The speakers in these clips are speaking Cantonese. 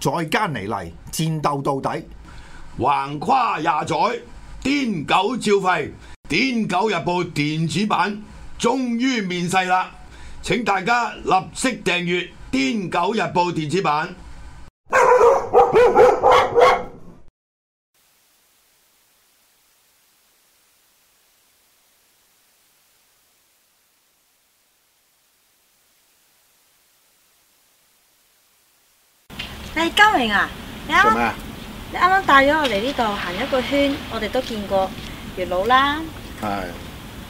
再加尼嚟，戰鬥到底。橫跨廿載，癲狗照吠。癲狗日報電子版終於面世啦！請大家立即訂閱癲狗日報電子版。 嘉榮啊，你啊，你啱啱帶咗我嚟呢度行一個圈，我哋都見過月老啦，係，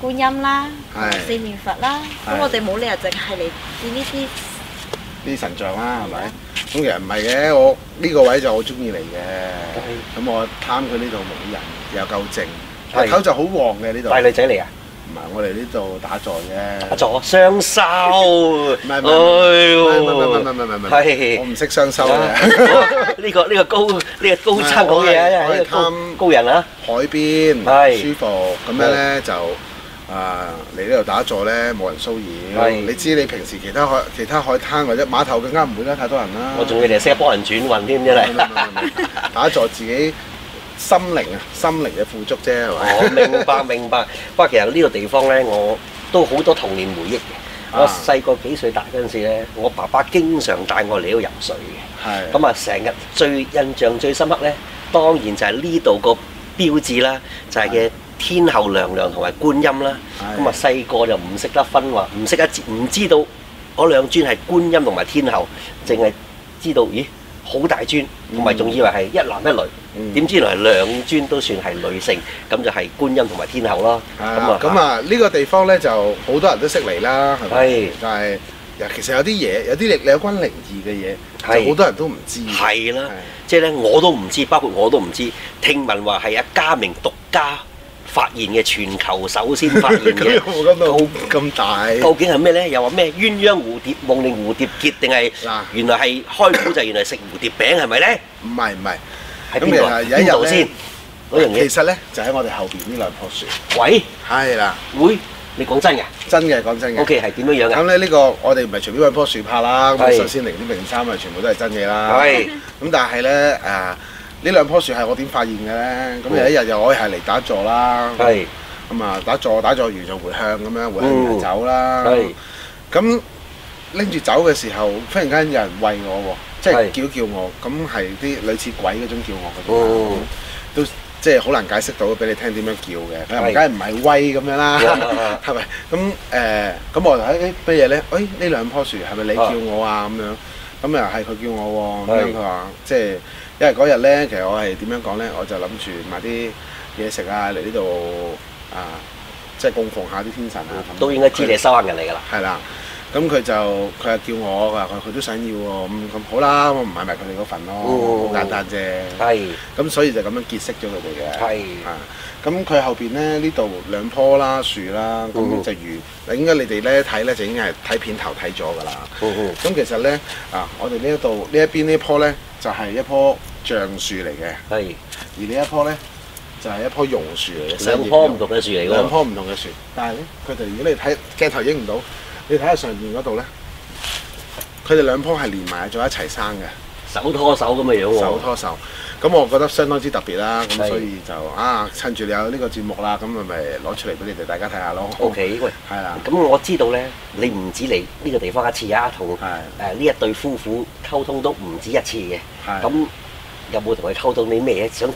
觀音啦，係，四面佛啦，咁我哋冇理由淨係嚟見呢啲，啲神像啦，係咪？咁其實唔係嘅，我呢個位就我中意嚟嘅，咁我貪佢呢度冇人又夠靜，頭就好旺嘅呢度，大女仔嚟啊！唔係，我嚟呢度打坐嘅，打坐雙修。唔係唔係唔係唔係唔係唔係唔係，我唔識雙修嘅。呢個呢個高呢個高級嘅嘢，可以貪高人啦。海邊舒服，咁樣咧就啊嚟呢度打坐咧，冇人騷擾。你知你平時其他海其他海灘或者碼頭更加唔會啦，太多人啦。我仲要你識幫人轉運添，唔知咧打坐自己。心靈啊，心靈嘅富足啫， 我明白明白，不過其實呢個地方呢，我都好多童年回憶嘅。啊、我細個幾歲大嗰陣時呢，我爸爸經常帶我嚟呢度游水嘅。咁啊的，成日最印象最深刻呢，當然就係呢度個標誌啦，就係、是、嘅天后娘娘同埋觀音啦。咁啊的，細個就唔識得分話，唔識得，唔知道嗰兩尊係觀音同埋天后，淨係知道咦？好大尊，唔係仲以為係一男一女，點、嗯、知原來兩尊都算係女性，咁、嗯、就係觀音同埋天后咯。咁啊，咁啊，呢個地方咧就好多人都識嚟啦，係咪？但係其實有啲嘢，有啲有關靈異嘅嘢，就好多人都唔知。係啦，即係咧，我都唔知，包括我都唔知，聽聞話係阿珈名獨家。發現嘅全球首先發現嘅，咁大究竟係咩咧？又話咩鴛鴦蝴蝶夢定蝴蝶結定係嗱？原來係開估就原來食蝴蝶餅係咪咧？唔係唔係，喺邊度邊度先？嗰樣嘢其實咧就喺我哋後邊呢兩樖樹。喂，係啦。喂？你講真㗎？真嘅講真嘅。OK 係點樣樣㗎？咁咧呢個我哋唔係隨便揾樖樹拍啦。咁首先靈點靈3啊，全部都係真嘢啦。係。咁但係咧誒，呢兩棵樹係我點發現嘅咧？咁有一日又可以係嚟打坐啦，咁啊打坐打坐完就回向，咁樣回向就走啦。咁拎住走嘅時候，忽然間有人喂我喎，即係叫叫我，咁係啲類似鬼嗰種叫我嗰啲，都即係好難解釋到俾你聽點樣叫嘅。佢又唔梗係唔係威咁樣啦？係咪？咁誒咁我睇啲乜嘢咧？誒，呢兩棵樹係咪你叫我啊？咁樣咁又係佢叫我喎。咁樣佢話即係。因為嗰日咧，其實我係點樣講咧，我就諗住買啲嘢食啊嚟呢度啊，即係供奉下啲天神啊。咁都應該知他你收硬人嚟噶啦。係啦，咁佢就佢係叫我噶，佢佢都想要喎。咁、嗯、咁好啦，我唔買埋佢哋嗰份咯、啊，好、哦、簡單啫。係的。咁所以就咁樣結識咗佢哋嘅。係的。啊。咁佢後邊咧，呢度兩棵啦樹啦，咁就如應該你哋咧睇咧就已經係睇片頭睇咗㗎啦。咁、嗯嗯、其實咧啊，我哋呢一度呢一邊一棵呢棵咧就係、是、一棵橡樹嚟嘅，係、嗯。而呢一棵咧就係、是、一棵榕樹嚟嘅，棵兩棵唔同嘅樹嚟㗎。兩棵唔同嘅樹，但係咧佢哋如果你睇鏡頭影唔到，你睇下上面嗰度咧，佢哋兩棵係連埋咗一齊生嘅。手拖手咁嘅樣，手拖手，咁我覺得相當之特別啦、啊。咁的所以就啊，趁住你有呢個節目啦，咁咪攞出嚟俾你哋大家睇下咯。O、okay, K，喂，係啦的。咁我知道咧，你唔止嚟呢個地方一次啊，同誒呢一對夫婦溝通都唔止一次嘅。咁的有冇同佢溝通你咩嘢先？想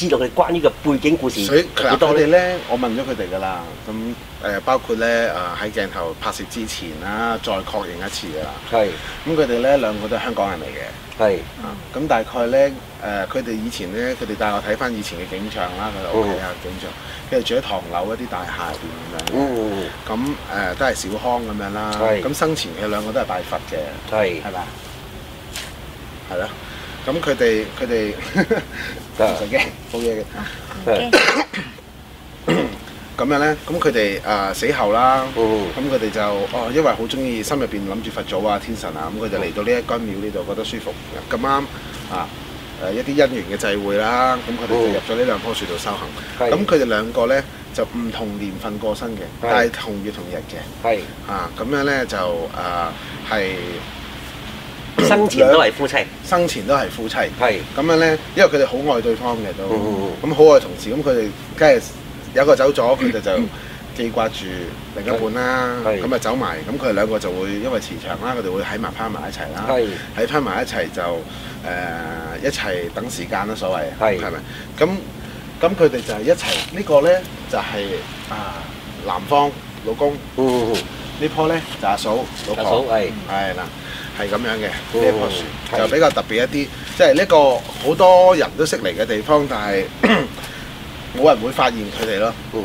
知道佢關於個背景故事。所以佢哋咧，我問咗佢哋噶啦。咁誒，包括咧啊，喺鏡頭拍攝之前啦，再確認一次噶啦。係是。咁佢哋咧兩個都係香港人嚟嘅。係是。咁、啊、大概咧誒，佢、呃、哋以前咧，佢哋帶我睇翻以前嘅景象啦，個屋企啊景象，跟、嗯、住住喺唐樓一啲大廈入邊咁樣。咁誒、嗯呃、都係小康咁樣啦。咁是生前嘅兩個都係拜佛嘅。係是。係咪是？係咯。咁佢哋佢哋，唔使驚，冇嘢嘅。咁樣咧，咁佢哋啊，死後啦，咁佢哋就哦，因為好中意心入邊諗住佛祖啊、天神啊，咁佢就嚟到呢一間廟呢度覺得舒服。咁啱啊，誒一啲姻緣嘅際會啦，咁佢哋就入咗呢兩棵樹度修行。咁佢哋兩個咧就唔同年份過身嘅，但係同月同日嘅。係啊，咁樣咧就誒係。生前都係夫妻，生前都係夫妻，係咁是樣咧，因為佢哋好愛對方嘅都，咁好愛同時，咁佢哋梗係有個走咗，佢哋就記掛住另一半啦，咁啊是走埋，咁佢哋兩個就會因為磁場啦，佢哋會喺埋趴埋一齊啦，喺翻埋一齊就誒一齊等時間啦。所謂係咪？咁咁佢哋就係一齊，這個、呢個咧就係、是、啊男方老公，嗯嗯、棵呢棵咧就是、阿嫂老婆，係係嗱。係咁樣嘅，呢棵樹，就比較特別一啲，即係呢個好多人都識嚟嘅地方，但係冇人會發現佢哋咯。不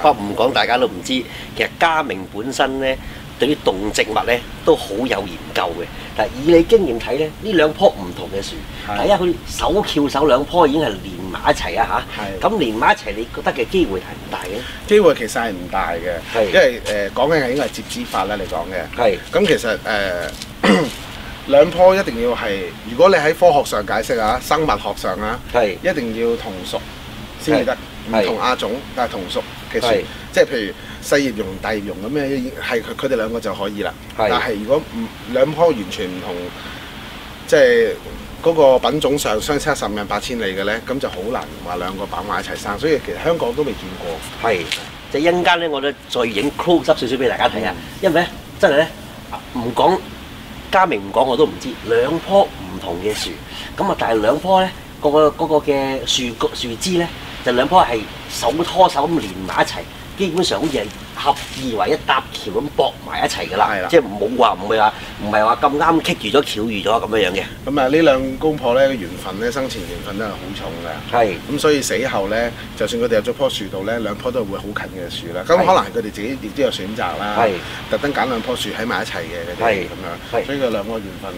過嗯，唔講大家都唔知。其實珈名本身咧，對於動植物咧都好有研究嘅。但係以你經驗睇咧，呢兩棵唔同嘅樹，第一佢手翹手兩棵已經係連埋一齊啊吓。係。咁連埋一齊，你覺得嘅機會係唔大嘅？機會其實係唔大嘅，因為誒講緊係應該係接枝法啦，你講嘅。係。咁其實誒。兩棵一定要係，如果你喺科學上解釋啊，生物學上啊，係是一定要同屬先至得，是唔同亞種是但係同屬其實，是即係譬如細葉榕、大葉榕咁樣，係佢哋兩個就可以啦。是但係如果唔兩棵完全唔同，即係嗰、那個品種上相差十萬八千里嘅咧，咁就好難話兩個擺埋一齊生。所以其實香港都未見過。係，就一陣間咧，我咧再影 close up 少少俾大家睇下，因為咧真係咧唔講。珈名唔講，我都唔知，兩棵唔同嘅樹，咁啊，但係兩棵咧、嗰個、嗰個嗰個嘅樹枝咧，就兩棵係手拖手咁連埋一齊，基本上好似係。合二為一，搭橋咁搏埋一齊㗎啦，即係唔好話唔會話，唔係話咁啱棘住咗、巧遇咗咁樣樣嘅。咁啊，呢兩公婆咧，緣分咧，生前緣分都係好重㗎。係，咁所以死後咧，就算佢哋入咗樖樹度咧，兩棵都係會好近嘅樹啦。咁可能佢哋自己亦都有選擇啦，是的 特登揀兩棵樹喺埋一齊嘅嗰啲咁樣，是的 所以佢兩個緣分。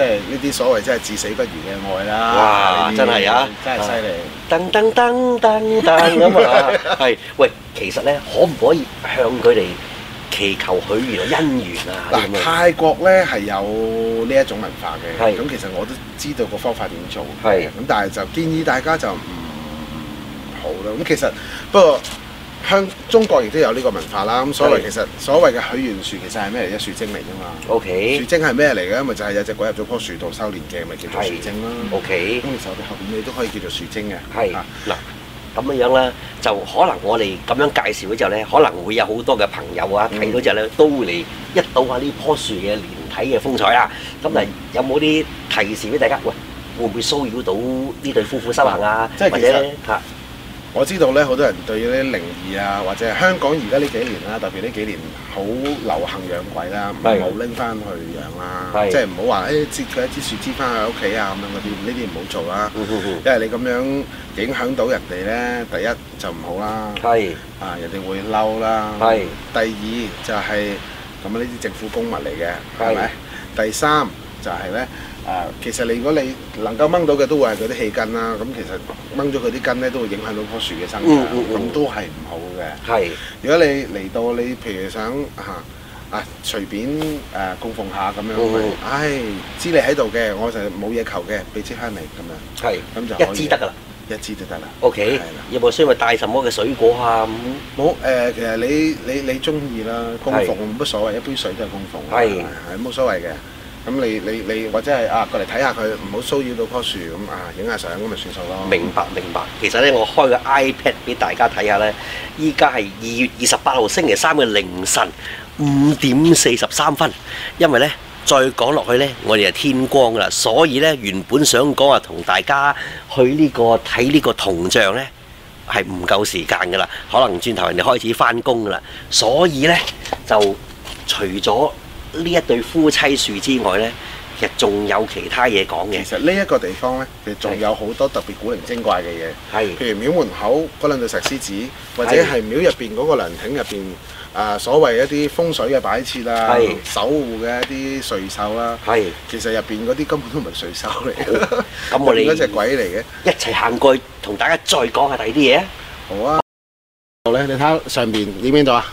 即係呢啲所謂真係至死不渝嘅愛啦！哇，些真係啊，真係犀利！是噔噔噔噔噔咁啊，係喂，其實咧可唔可以向佢哋祈求許願嘅姻緣啊？嗱，泰國咧係有呢一種文化嘅，咁是其實我都知道個方法點做，係咁是，但係就建議大家就唔好啦。咁其實不過。向中國亦都有呢個文化啦。咁所謂其實所謂嘅許願樹其實係咩嚟？一樹精嚟噶嘛。O K。樹精係咩嚟嘅？因為就係有隻鬼入咗樖樹度修煉嘅，咪叫做樹精咯。O K。咁收得，咁你都可以叫做樹精嘅。係。嗱咁樣啦，就可能我哋咁樣介紹嘅時候咧，可能會有好多嘅朋友啊睇到之後咧，嗯、都會嚟一睹下呢棵樹嘅連體嘅風采啊。咁啊，有冇啲提示俾大家？喂，會唔會騷擾到呢對夫婦修行啊？即係其實嚇。我知道咧，好多人對呢啲靈異啊，或者香港而家呢幾年啦，特別呢幾年好流行養鬼啦，唔好拎翻去養啦，即係唔好話誒摘佢一支樹枝翻去屋企啊咁樣嗰啲，呢啲唔好做啦， 因為你咁樣影響到人哋咧，第一就唔好啦，是的 啊人哋會嬲啦，是的 第二就係咁啊，呢啲政府公物嚟嘅，係咪？第三就係、是、咧。其實你如果你能夠掹到嘅，都會係嗰啲氣根啦。咁其實掹咗佢啲根咧，都會影響到棵樹嘅生長，咁都係唔好嘅。係，如果你嚟到你譬如想吓啊隨便誒供奉下咁樣，唉，知你喺度嘅，我就冇嘢求嘅，俾支香嚟咁樣。係，咁就一支得㗎啦，一支就得啦。O K，有冇需要帶什麼嘅水果啊？咁冇誒其實，你你你中意啦，供奉乜所謂，一杯水都係供奉，係係冇所謂嘅。咁你你你或者係啊過嚟睇下佢，唔好騷擾到棵樹咁啊，影下相咁咪算數咯。明白明白。其實咧，我開個 iPad 俾大家睇下咧，依家係二月二十八號星期三嘅凌晨五點四十三分。因為咧再講落去咧，我哋係天光噶啦，所以咧原本想講話同大家去呢個睇呢個銅像咧係唔夠時間噶啦，可能轉頭人哋開始翻工噶啦，所以咧就除咗。呢一對夫妻樹之外咧，其實仲有其他嘢講嘅。其實呢一個地方咧，其實仲有好多特別古靈精怪嘅嘢。係，譬如廟門口嗰兩對石獅子，或者係廟入邊嗰個涼亭入邊啊，所謂一啲風水嘅擺設啊，係，守護嘅一啲瑞獸啦。係，其實入邊嗰啲根本都唔係瑞獸嚟嘅，入邊嗰隻鬼嚟嘅。一齊行過去，同大家再講下第二啲嘢啊！好啊，好咧，你睇下上邊見唔見到啊？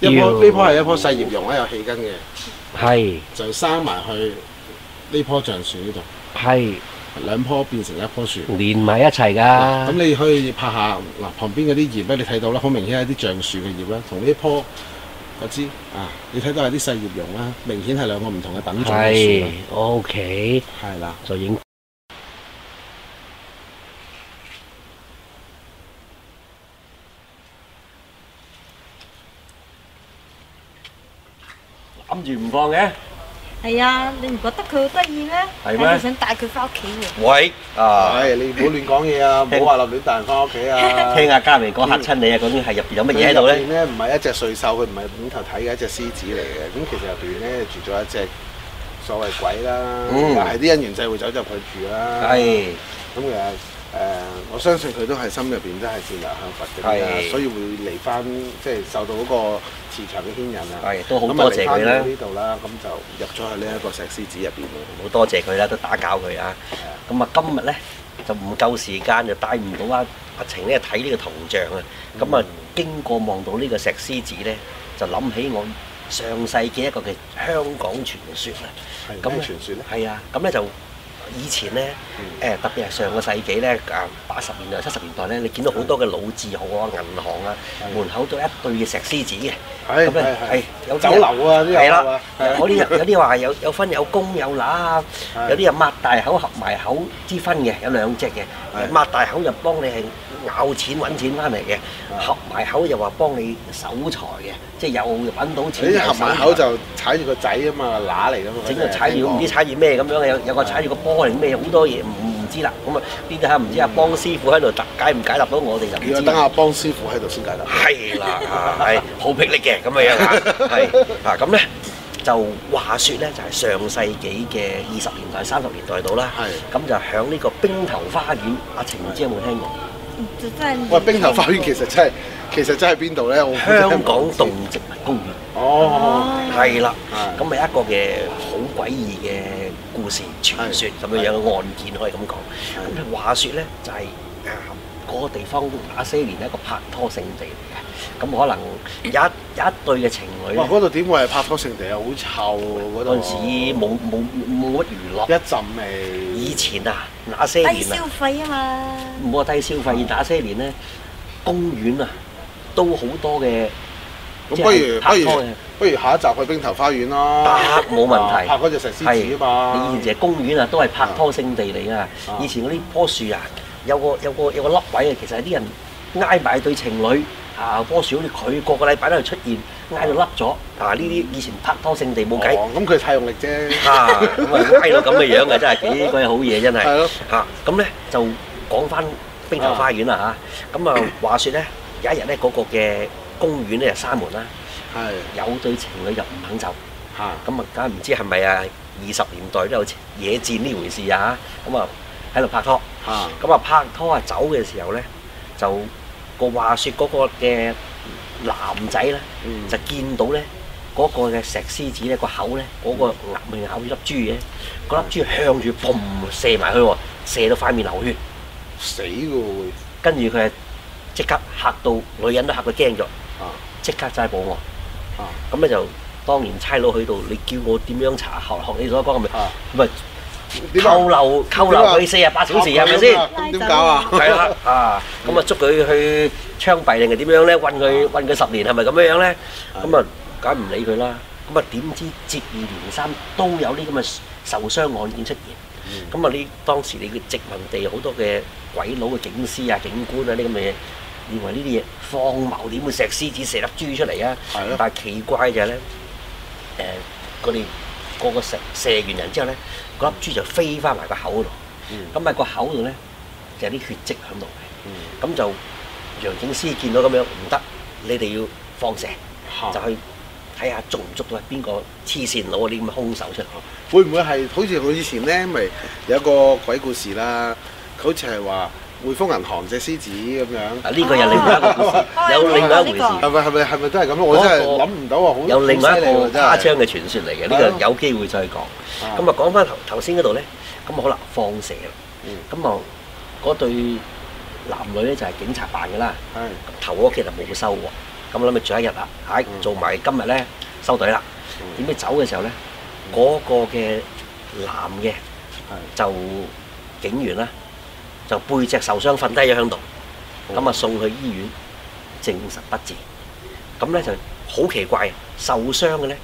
一樖呢樖係一樖細葉榕啦，哦、有氣根嘅，係是就生埋去呢樖橡樹呢度，係是兩樖變成一樖樹，連埋一齊㗎。咁、嗯、你可以拍下嗱，旁邊嗰啲葉咧，你睇到啦，好明顯係啲橡樹嘅葉啦，同呢一樖我知啊，你睇到係啲細葉榕啦，明顯係兩個唔同嘅品種嘅樹。OK，係啦，就影。住唔放嘅？係啊，你唔覺得佢好得意咩？係咩？想帶佢翻屋企喎？喂，啊，你唔好亂講嘢啊，唔好話立亂帶人翻屋企啊！聽下珈名講嚇親你啊，究竟係入邊有乜嘢喺度咧？入邊咧，唔係一隻瑞獸，佢唔係五頭睇嘅一隻獅子嚟嘅，咁其實入邊咧住咗一隻所謂鬼啦，又係啲因緣際會走入去住啦。係，咁其實。誒、呃，我相信佢都係心入邊都係善良向佛嘅、啊，是所以會嚟翻，即係受到嗰個磁場嘅牽引啊！係，都好多謝佢啦。呢度啦，咁就入咗去呢一個石獅子入邊，好多謝佢啦，都打攪佢啊！咁啊的，今日咧就唔夠時間，就帶唔到阿阿晴咧睇呢個銅像啊！咁啊、嗯，經過望到呢個石獅子咧，就諗起我上世嘅一個嘅香港傳説的啊。咁咩？香港傳説咧？係啊，咁咧就。以前咧，誒特別係上個世紀咧，八十年代、七十年代咧，你見到好多嘅老字號啊，銀行啊，門口都一對嘅石獅子嘅，咁咧係有些酒樓啊，啲的有啊，有啲有啲話有有分有公有乸啊，的有啲人擘大口合埋口之分嘅，有兩隻嘅，擘的大口又幫你係。有錢揾錢翻嚟嘅，合埋口又話幫你守財嘅，即係又揾到錢。你合埋口就踩住個仔啊嘛，乸嚟㗎嘛，整個踩住唔知踩住咩咁樣，有有個踩住個波定咩，好多嘢唔知啦。咁啊，邊啲啊唔知阿幫師傅喺度解唔解答到我哋就？要等阿幫師傅喺度先解答。係啦，係好霹靂嘅咁嘅樣，係嗱，咁咧就話説咧就係上世紀嘅二十年代、三十年代度啦。係咁就喺呢個冰頭花園，阿晴唔知有冇聽過。喂，兵頭花園其實真係，嗯、其實真係邊度咧？香港動植物公園。哦，係啦了，咁咪的一個嘅好詭異嘅故事的傳說咁樣嘅案件可以咁講。咁的話說咧，就係嗱，嗰個地方那些年一個拍拖聖地嚟嘅。咁可能一一對嘅情侶哇！嗰度點會係拍拖聖地啊？好臭，嗰陣時，冇冇冇乜娛樂，一陣味。以前啊，那些年低消費啊嘛，唔好話低消費，那些年咧公園啊都好多嘅。咁不如不如不如下一集去冰頭花園啦，得，冇問題。拍嗰隻石獅子啊嘛，以前就係公園啊都係拍拖聖地嚟噶。以前嗰啲棵樹啊，有個有個有個凹位啊，其實啲人挨埋對情侶。啊，多好似佢個個禮拜都喺度出現，嗌到甩咗。啊、哦，呢啲以前拍拖勝地冇計，咁佢太用力啫。咁啊，挨到咁嘅樣嘅，真係幾鬼好嘢，真係。係咁咧就講翻兵頭花園啦嚇。咁啊，嗯、話説咧有一日咧嗰個嘅公園咧就閂門啦。係。有對情侶又唔肯走。嚇。咁啊梗係，唔知係咪啊？二十年代都有野戰呢回事啊？咁啊喺度拍拖。嚇。咁啊拍拖啊走嘅時候咧就，就，就。個話説嗰個嘅男仔咧，就見到咧嗰個嘅石獅子咧個口咧嗰個牙咪咬住粒珠嘅，嗰粒珠向住嘭射埋去喎，射到塊面流血，死喎！跟住佢係即刻嚇到女人都嚇到驚咗，即刻揸保安，咁咧就當年差佬去到，你叫我點樣查？學學你所講嘅咪咪。扣留扣留佢四十八小時係咪先？點搞啊？係啦啊！咁啊捉佢去槍斃定係點樣咧？韞佢韞佢十年係咪咁樣樣咧？咁啊梗唔理佢啦！咁啊點知接二連三都有啲咁嘅受傷案件出現？咁啊呢當時你嘅殖民地好多嘅鬼佬嘅警司啊警官啊呢咁嘅嘢，認為呢啲嘢荒謬，點會石獅子射粒豬出嚟啊？但係奇怪就係咧，誒嗰啲個個射射完人之後咧，粒珠就飛翻埋、嗯、個口嗰度，咁咪個口度咧就有啲血跡喺度嘅，咁、嗯、就楊警司見到咁樣唔得，你哋要放蛇，啊、就去睇下捉唔捉到係邊個黐線佬啲咁嘅兇手出嚟。會唔會係好似佢以前咧咪有一個鬼故事啦？佢好似係話。匯豐銀行隻獅子咁樣，啊呢個又另一個故事，有另外一回事，係咪係咪係咪都係咁樣？我真係諗唔到啊！好犀利喎，真係。有另外一個誇張嘅傳說嚟嘅，呢個有機會再講。咁啊，講翻頭頭先嗰度咧，咁好啦，放蛇啦。嗯，咁啊，嗰對男女咧就係警察扮嘅啦。係。頭嗰幾日冇收喎，咁諗住住一日啦。哎，做埋今日咧收隊啦。點知走嘅時候咧，嗰個嘅男嘅啊就警員啦。就背脊受傷瞓低咗喺度，咁啊、嗯、送去醫院證實不治。咁咧就好奇怪，受傷嘅咧，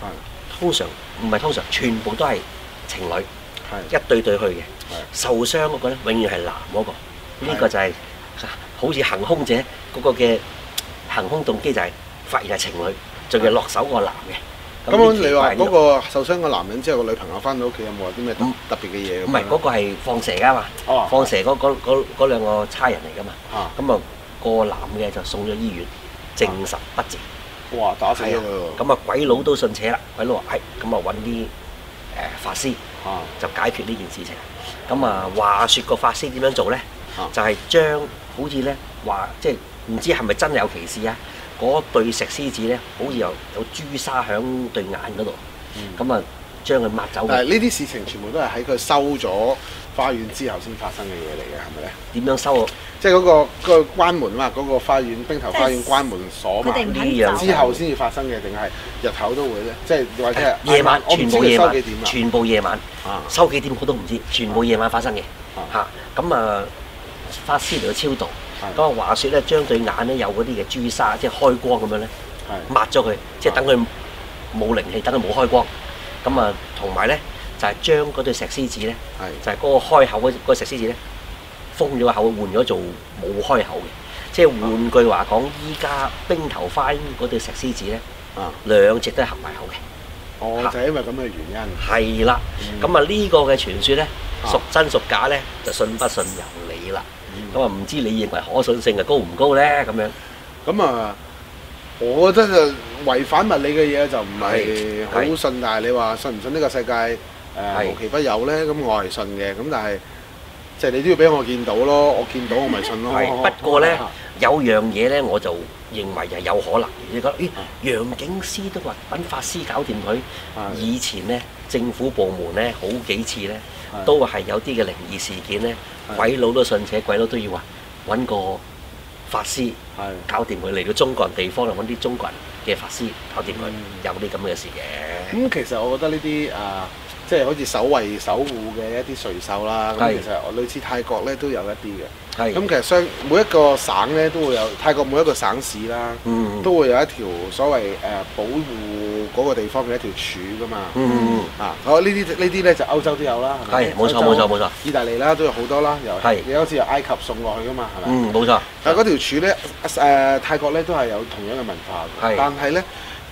的通常唔係通常，全部都係情侶，的一對對去嘅。的受傷嗰個咧，永遠係男嗰、那個。呢的個就係、是、好似行兇者嗰個嘅行兇動機就係、是、發現係情侶，仲要落手個男嘅。咁你話嗰個受傷嘅男人之後，個女朋友翻到屋企有冇話啲咩特別嘅嘢？唔係嗰個係放蛇噶嘛？哦、啊，放蛇嗰嗰的兩個差人嚟噶嘛？咁啊個男嘅就送咗醫院，啊、證實不治。哇！打死！咁啊鬼佬都信邪啦！鬼佬話係，咁啊揾啲誒法師，啊、就解決呢件事情。咁啊話説個法師點樣做咧？就係將好似咧話，即係唔知係咪真有其事啊？嗰對石獅子咧，好似有有朱砂喺對眼嗰度，咁啊將佢抹走。誒，呢啲事情全部都係喺佢收咗花園之後先發生嘅嘢嚟嘅，係咪咧？點樣收？即係嗰個嗰、嗰個關門啦，嗰、嗰個花園兵頭花園關門鎖埋之後先至發生嘅，定係日頭都會咧？即係話其實夜晚、啊、全部夜晚，全部夜晚收幾點啊？全部夜晚啊，收幾點我都唔知，全部夜晚發生嘅嚇，咁啊法師嚟到超度。嗰個話説咧，將對眼咧有嗰啲嘅朱砂，即係開光咁樣咧，抹咗佢，的即係等佢冇靈氣，等佢冇開光。咁啊的，同埋咧就係、是、將嗰對石獅子咧，的就係嗰個開口嗰個石獅子咧封咗口，換咗做冇開口嘅。即係換句話講，依家的兵頭花園嗰對石獅子咧，的兩隻都係合埋口嘅。哦，就係、是、因為咁嘅原因。係啦的，咁啊呢個嘅傳説咧，屬真屬假咧，就信不信由你啦。咁啊，唔、 嗯、知你認為可信性係高唔高咧？咁、嗯、樣，咁啊、嗯，我真係違反物理嘅嘢就唔係好信，是但係你話信唔信呢個世界無奇是不有咧？咁我係信嘅，咁但係即係你都要俾我見到咯，我見到我咪信咯。是嗯、不過咧，嗯、有樣嘢咧，我就認為係有可能。你覺得，咦、哎，楊警司都話揾法師搞掂佢。以前咧，政府部門咧，好幾次咧，都係有啲嘅靈異事件咧。呢呢鬼佬都信而且鬼佬都要話揾個法師的搞掂佢。嚟到中國人地方就揾啲中國人嘅法師搞掂佢，嗯、有啲咁嘅事嘅。咁、嗯、其實我覺得呢啲啊～、呃即係好似守衛、守護嘅一啲瑞獸啦，咁其實類似泰國咧都有一啲嘅。咁其實每一個省咧都會有泰國每一個省市啦，都會有一條所謂誒保護嗰個地方嘅一條柱噶嘛。啊，好呢啲呢啲咧就歐洲都有啦，係咪？冇錯冇錯冇錯。意大利啦都有好多啦，又係。你好似由埃及送落去噶嘛，係咪？冇錯。啊，嗰條柱咧誒泰國咧都係有同樣嘅文化，但係咧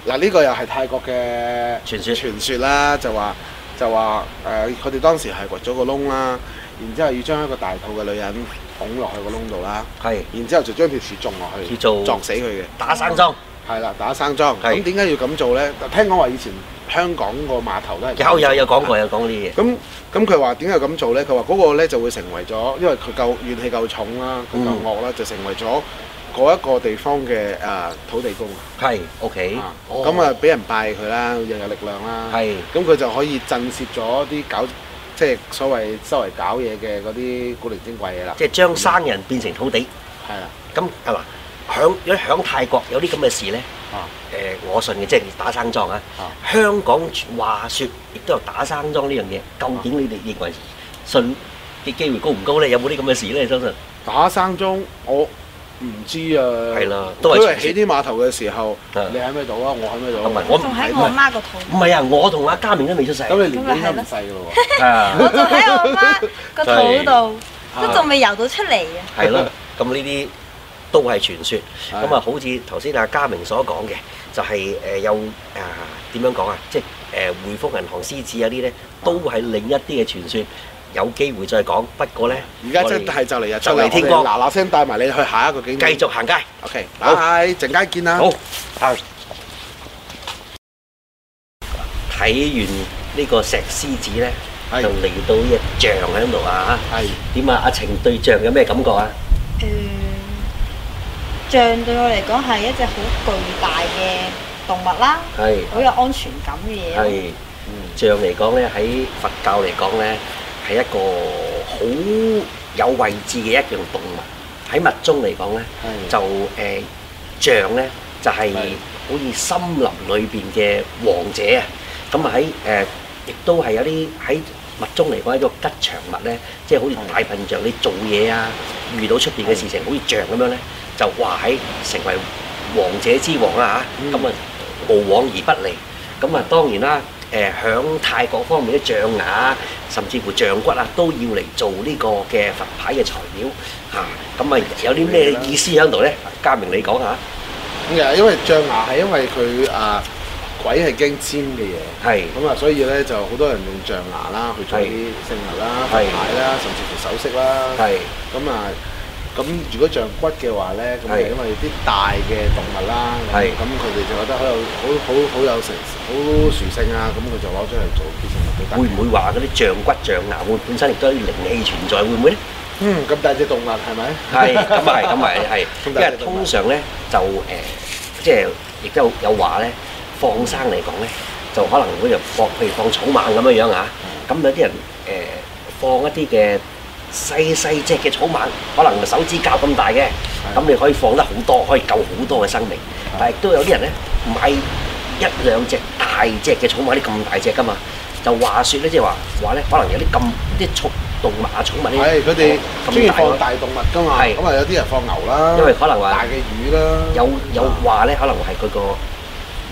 嗱呢個又係泰國嘅傳說傳說啦，就話。就話誒，佢、呃、哋當時係掘咗個窿啦，然之後要將一個大肚嘅女人捅落去個窿度啦，係是，然之後就將條樹種落去，去做撞死佢嘅打生樁，係啦、嗯，打生樁。咁點解要咁做咧？聽講話以前香港個碼頭咧，有有有講過有講呢啲嘢。咁咁佢話點解咁做咧？佢話嗰個咧就會成為咗，因為佢夠怨氣夠重啦，佢夠惡啦，就成為咗。嗰一個地方嘅誒、啊、土地公、okay，啊，係，OK，咁啊俾人拜佢啦，又有力量啦，係是，咁佢就可以震懾咗啲搞，即係所謂周圍搞嘢嘅嗰啲古靈精怪嘢啦，即係將生人變成土地，係啦、嗯，咁係嘛，響有啲響泰國有啲咁嘅事咧，誒、啊呃、我信嘅，即、就、係、是、打生樁啊，啊香港話説亦都有打生樁呢樣嘢，究竟你哋認為信嘅機會高唔高咧？有冇啲咁嘅事咧？相信打生樁我。唔知啊，都係傳説。因為起啲碼頭嘅時候，你喺咩度啊？我喺咩度？我仲喺我阿媽個肚。唔係啊，我同阿嘉明都未出世。咁你年紀咁細喎。我仲喺我媽個肚度，都仲未游到出嚟啊。係咯，咁呢啲都係傳説。咁啊，好似頭先阿嘉明所講嘅，就係誒有啊點樣講啊，即係誒匯豐銀行獅子嗰啲咧，都係另一啲嘅傳説。有機會再講，不過咧，而家真係就嚟日出就嚟天光，嗱嗱聲帶埋你去下一個景點，繼續行街。O K，好，陣間見啦。好，睇完呢個石獅子咧，就嚟到一象喺度啊！點啊，阿晴對象有咩感覺啊？誒，象對我嚟講係一隻好巨大嘅動物啦，好有安全感嘅嘢。係，象嚟講咧，喺佛教嚟講咧。係一個好有位置嘅一樣動物，喺物種嚟講咧，就誒象咧就係好似森林裏邊嘅王者啊！咁啊喺誒，亦、呃、都係有啲喺物種嚟講一個吉祥物咧，即係好似大笨象，你做嘢啊，遇到出邊嘅事情，的好似象咁樣咧，就話喺成為王者之王啦嚇！咁啊、嗯、無往而不利，咁啊當然啦。誒，響泰國方面啲象牙甚至乎象骨啊，都要嚟做呢個嘅佛牌嘅材料嚇。咁、嗯、啊，嗯、有啲咩意思喺度咧？珈名你講下。咁啊，因為象牙係因為佢啊，鬼係驚尖嘅嘢，係咁啊，所以咧就好多人用象牙啦去做啲聖物啦、是佛牌啦，甚至乎首飾啦，係咁啊。是咁如果象骨嘅話咧，咁係因為啲大嘅動物啦，咁佢哋就覺得好有好好好有成好殊勝啊，咁佢就攞出嚟做啲食物。會唔會話嗰啲象骨、象牙，會本身亦都有靈氣存在？會唔會咧？嗯，咁大隻動物係咪？係，咁咪，咁咪，係。因為通常咧，就誒，即係亦都有有話咧，放生嚟講咧，就可能嗰啲放，譬如放草蜢咁樣樣啊，咁有啲人誒放一啲嘅。細細隻嘅草蜢，可能手指甲咁大嘅，咁你可以放得好多，可以救好多嘅生命。但係亦都有啲人咧，唔係一兩隻大隻嘅草蜢，啲咁大隻噶嘛。就話說咧，即係話話咧，可能有啲咁啲畜動物啊寵物咧，係佢哋中意放大動物噶嘛。係咁啊，有啲人放牛啦，因為可能話大嘅魚啦，有有話咧，可能係佢個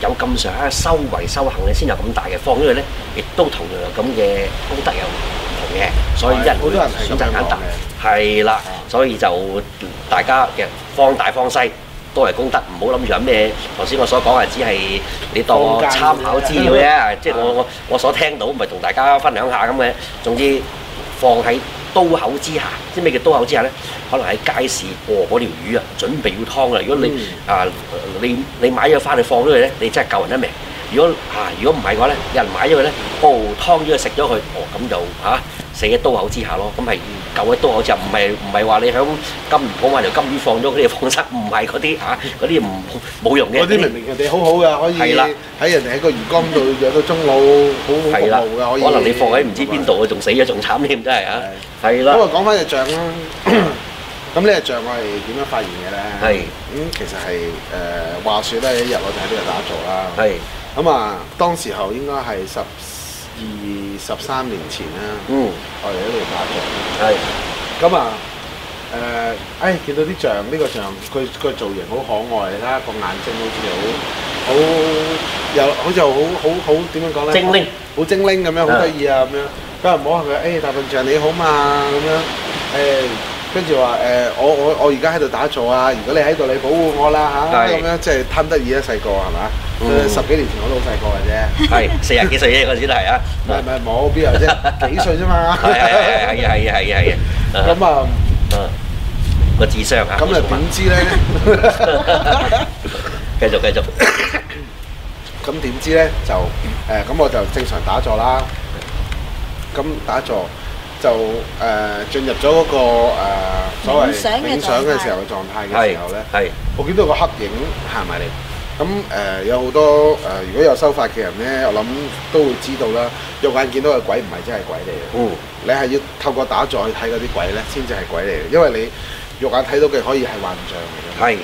有咁長一個修為修行咧，先有咁大嘅放，因為咧亦都同樣咁嘅功德有。所以一人好多人選擇簡單，係啦 Okay.，所以就大家嘅放大放細，都係功德，唔好諗住有咩。頭先我所講係只係你當參考資料啫，即係我我我所聽到，唔係同大家分享下咁嘅。總之放喺刀口之下，即係咩叫刀口之下咧？可能喺街市，哦嗰條魚啊，準備要湯啦。如果你、嗯、啊，你你買咗翻嚟放咗佢咧，你真係救人一命。如果啊，如果唔係嘅話咧，有人買咗佢咧，煲湯咗佢食咗佢，哦咁就嚇。死喺刀口之下咯，咁係救喺刀口之下，唔係唔係話你喺金魚館買條金魚放咗佢哋放生，唔係嗰啲啊，嗰啲唔冇用嘅。嗰啲明明人哋好好噶，可以喺人哋喺個魚缸度養到終老好好服務噶，可以。可能你放喺唔知邊度啊，仲死咗仲慘添，真係啊！係啦。不過講返隻象啦，咁呢隻象我係點樣發現嘅咧？係咁，其實係誒話説咧，一日我哋喺呢度打坐啦。係咁啊，當時候應該係十二。十三年前啦，嗯，我哋喺度打坐，係咁啊誒！哎，見到啲象，呢、這個象，佢佢造型好可愛啦，個眼睛好似好好，又好似好好靈好點樣講咧？精靈，好精靈咁是樣，好得意啊咁樣。咁啊，摸下佢，哎大笨象，你好嘛咁樣，誒跟住話誒我我我而家喺度打坐啊，如果你喺度你保護我啦嚇咁樣，即係貪得意啊細個係咪？十幾年前我都好細個嘅啫，係四廿幾歲嘅嗰啲嚟啊！唔係唔係冇邊度啫？幾歲啫嘛？係係係係係係係。咁啊，個智商嚇，咁你點知咧？繼續繼續。咁點知咧？就誒咁我就正常打坐啦。咁打坐就誒進入咗嗰個誒所謂冥想嘅時候嘅狀態嘅時候咧，係。我見到個黑影行埋嚟。咁誒有好多誒，如果有修法嘅人咧，我諗都會知道啦。肉眼見到嘅鬼唔係真係鬼嚟嘅。嗯，你係要透過打坐去睇嗰啲鬼咧，先至係鬼嚟嘅。因為你肉眼睇到嘅可以係幻象嚟嘅。係，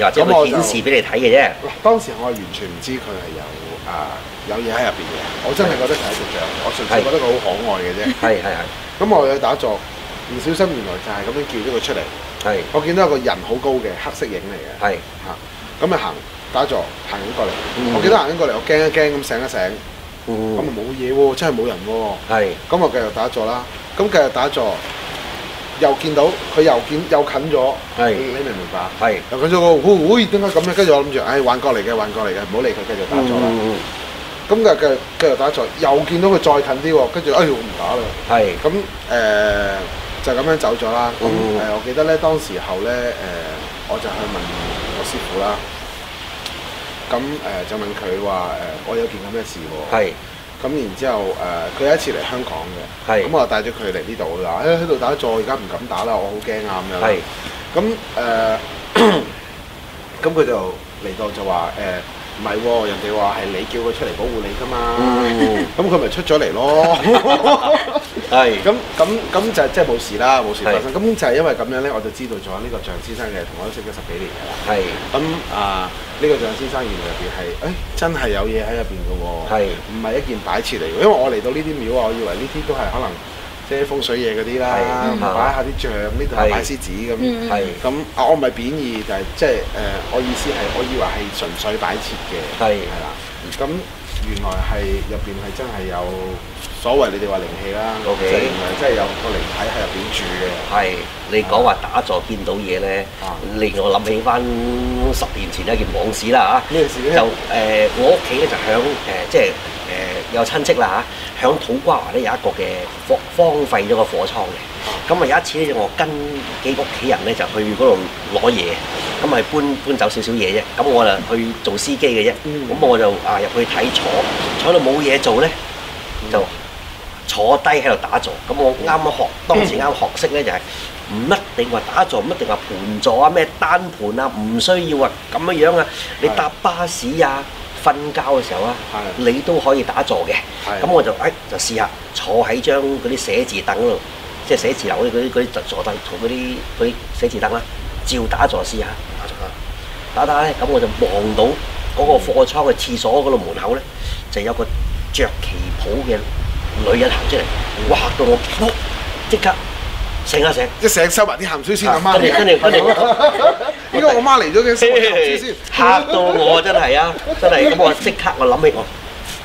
又或者佢顯示俾你睇嘅啫。嗱，當時我完全唔知佢係有啊有嘢喺入邊嘅。我真係覺得睇幻象，我純粹覺得佢好可愛嘅啫。係係啊。咁我嘅打坐唔小心，原來就係咁樣叫咗佢出嚟。係，我見到一個人好高嘅黑色影嚟嘅。係，嚇，咁啊行。打坐，行緊過嚟，我記得行緊過嚟，我驚一驚咁醒一醒，咁咪冇嘢喎，真係冇人喎，咁我繼續打坐啦。咁繼續打坐，又見到佢又見又近咗，你明唔明白？又咁做，哎，點解咁嘅？跟住我諗住，哎，幻覺嚟嘅，幻覺嚟嘅，唔好理佢，繼續打坐啦。咁繼續繼續打坐，又見到佢再近啲，跟住哎，我唔打啦。咁誒就咁樣走咗啦。誒，我記得咧，當時候咧，誒我就去問我師傅啦。咁誒、嗯、就問佢話誒，我有件咁嘅事喎、啊。咁是然之後誒，佢、呃、有一次嚟香港嘅，咁是、嗯、我帶咗佢嚟呢度啦。喺喺度打坐，而家唔敢打啦，我好驚啊咁樣。係咁誒，咁佢 就嚟到就話誒。呃唔係喎，人哋話係你叫佢出嚟保護你噶嘛，咁佢咪出咗嚟咯。係 是，咁咁咁就即係冇事啦，冇事發生。咁是就係因為咁樣咧，我就知道咗呢、這個象先生嘅同我都識咗十幾年啦。係，咁啊呢個象先生原來入邊係，誒、哎、真係有嘢喺入邊嘅喎。係是，唔係一件擺設嚟嘅。因為我嚟到呢啲廟啊，我以為呢啲都係可能。遮係風水嘢嗰啲啦，擺下啲象，呢度擺獅子咁，咁我唔係貶義，但係即係誒，我意思係我以為係純粹擺設嘅，係啦，咁原來係入邊係真係有所謂你哋話靈氣啦，即係原來真係有個靈體喺入邊住嘅。係你講話打坐見到嘢咧，令我諗起翻十年前一件往事啦嚇。呢件事咧，就誒我屋企咧就響誒即係誒有親戚啦嚇。響土瓜灣咧，有一個嘅荒荒廢咗個貨倉嘅，咁啊有一次咧，我跟幾屋企人咧就去嗰度攞嘢，咁啊搬搬走少少嘢啫，咁我就去做司機嘅啫，咁我就啊入去睇坐，坐到冇嘢做咧就坐低喺度打坐，咁我啱啱學當時啱學識咧就係、是、唔一定話打坐，唔一定話盤坐啊咩單盤啊，唔需要啊咁樣樣啊，你搭巴士啊。瞓覺嘅時候啊，的你都可以打坐嘅，咁的我就哎就試下坐喺張嗰啲寫字凳嗰度，即係寫字樓嗰啲嗰啲啲特凳，同嗰啲啲寫字凳啦，照打坐試下，打坐啦，打打咧，咁我就望到嗰個貨倉嘅廁所嗰度門口咧，嗯、就有個着旗袍嘅女人行出嚟，哇，嚇到我，即、哦、刻！醒啊醒，即係醒收埋啲鹹水先啊媽，跟住跟住跟住，因為我媽嚟咗嘅，收埋啲鹹水先，嚇到我真係啊，真係咁我即刻我諗起，我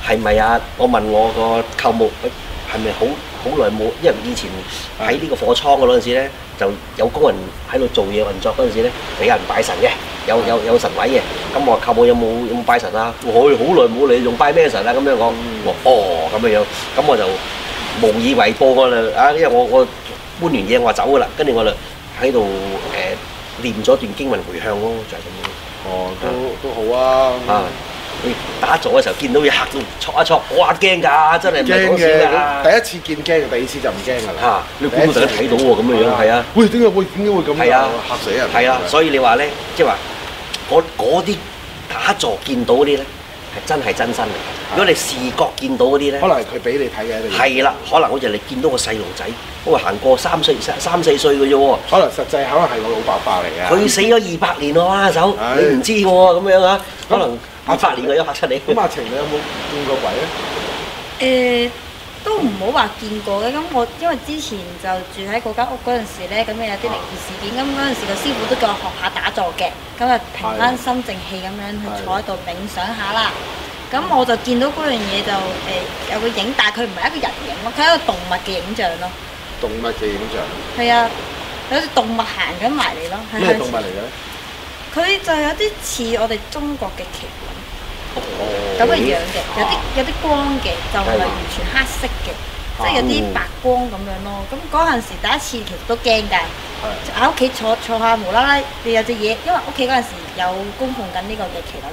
係咪啊？我問我個舅母，係咪好好耐冇？因為以前喺呢個貨倉嗰陣時咧，就有工人喺度做嘢運作嗰陣時咧，俾人拜神嘅，有有有神位嘅。咁我話舅母有冇有冇拜神啊？我好耐冇嚟，用拜咩神啊？咁樣講，我哦咁樣樣，咁我就無以為報㗎啦。啊，因為我我。搬完嘢我走噶啦，跟住我就喺度誒唸咗段經文迴向咯，就係咁樣。哦，都、嗯、都好啊。嗯、啊，你打坐嘅時候見到佢嚇到，戳一戳，哇驚噶，真係唔講笑啦。第一次見驚，第二次就唔驚噶啦。嚇！你估到大家睇到喎，咁嘅樣係啊。喂，點解會點解會咁咧？啊、嚇死人！係啊，所以你話咧，即係話嗰嗰啲打坐見到啲咧。係真係真身嚟，如果你視覺見到嗰啲咧，可能係佢俾你睇嘅。係啦，可能好似你見到個細路仔，不過行過三歲、三四歲嘅啫喎。可能實際可能係個老伯伯嚟嘅。佢死咗二百年喎，阿叔的，你唔知喎咁樣、嗯、啊？可能八百年嘅一拍出嚟。咁阿晴，你有冇見過鬼咧？誒。Uh, 都唔好話見過嘅，咁我因為之前就住喺嗰間屋嗰陣時咧，咁樣有啲靈異事件，咁嗰陣時個師傅都叫我學下打坐嘅，咁啊平安心靜氣咁樣去坐喺度冥想下啦。咁我就見到嗰樣嘢就誒有個影，但係佢唔係一個人影咯，佢係一個動物嘅影像咯。動物嘅影像。係啊，有隻動物行緊埋嚟咯。咩動物嚟嘅？佢就有啲似我哋中國嘅麒麟。咁嘅樣嘅，有啲有啲光嘅，就唔係完全黑色嘅，即係有啲白光咁樣咯。咁嗰陣時第一次，其實都驚嘅，喺屋企坐坐下，無啦啦，有隻嘢，因為屋企嗰陣時有供奉緊呢個嘅麒麟。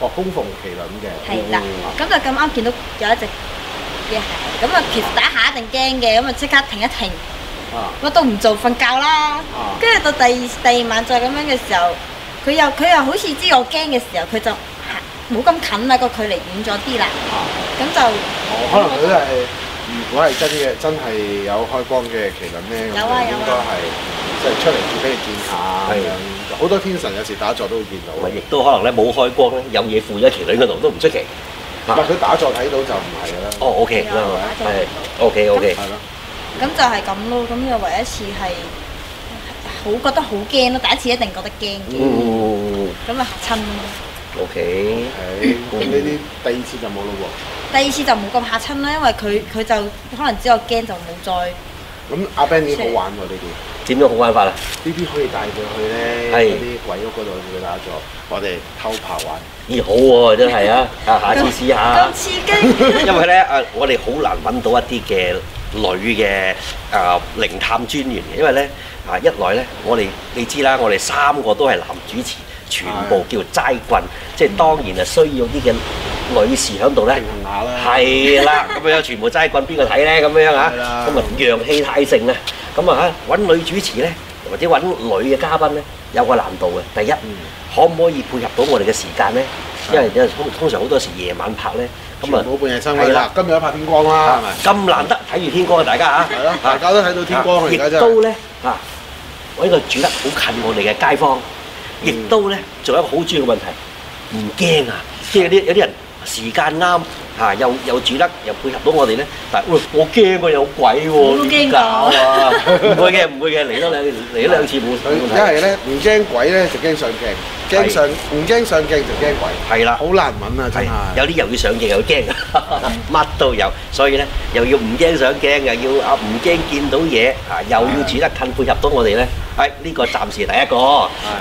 哦，供奉麒麟嘅，係啦。咁就咁啱見到有一隻嘅，咁啊，其實第一下一定驚嘅，咁啊，即刻停一停。哦。乜都唔做，瞓覺啦。哦。跟住到第二第二晚再咁樣嘅時候，佢又佢又好似知我驚嘅時候，佢就。冇咁近啦，個距離遠咗啲啦。咁就哦，可能佢都係，如果係真嘅，真係有開光嘅麒麟咧，應該係即係出嚟俾你見下。係，好多天神有時打坐都會見到。亦都可能咧冇開光咧，有嘢附喺麒麟嗰度都唔出奇。但佢打坐睇到就唔係啦。哦，OK 啦，係，OK OK。咁就係咁咯。咁又唯一次係好覺得好驚咯，第一次一定覺得驚嘅。嗯。咁啊，嚇親咯～O K，誒，咁呢啲第二次就冇咯喎。第二次就冇咁嚇親啦，因為佢佢就可能只有驚就冇再。咁阿 Benny 好玩喎，你哋點樣好玩法啊？呢啲可以帶佢去咧嗰啲鬼屋嗰度同佢打坐，我哋偷拍玩。咦，好喎，啊，真係啊！啊，下次試下。咁刺激。因為咧誒，我哋好難揾到一啲嘅女嘅誒靈探專員嘅，因為咧啊一來咧，我哋你知啦，我哋三個都係男主持。全部叫齋棍，即係當然係，需要啲嘅女士喺度咧。係啦，咁啊，全部齋棍，邊個睇咧？咁樣啊，咁啊，陽氣太盛啊，咁啊嚇揾女主持咧，或者揾女嘅嘉賓咧，有個難度嘅。第一，可唔可以配合到我哋嘅時間咧？因為通常好多時夜晚拍咧，咁啊，冇半夜收尾。啦，今日一拍天光啦，咁難得睇住天光啊，大家嚇，大家都睇到天光嚟嘅啫。都咧啊，我呢個住得好近我哋嘅街坊。亦都咧，嗯、仲有一個好重要嘅問題，唔驚啊！驚啲有啲人時間啱。嚇又又煮得又配合到我哋咧，但係我驚過有鬼喎，驚啊！唔會嘅，唔會嘅，嚟咗兩嚟咗兩次冇。因為咧唔驚鬼咧就驚上鏡，驚上唔驚上鏡就驚鬼。係啦，好難揾啊，真係有啲又要上鏡又驚，乜都有，所以咧又要唔驚上鏡，又要啊唔驚見到嘢，啊又要煮得近配合到我哋咧。係，呢個暫時第一個，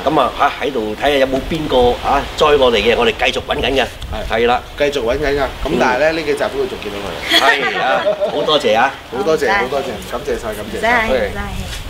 咁啊嚇喺度睇下有冇邊個嚇追我哋嘅，我哋繼續揾緊嘅。係，係啦，繼續揾緊㗎。咁但係咧，呢幾集都會仲見到佢。係啊，好多謝啊，好多謝，好多謝，感謝曬，感謝曬。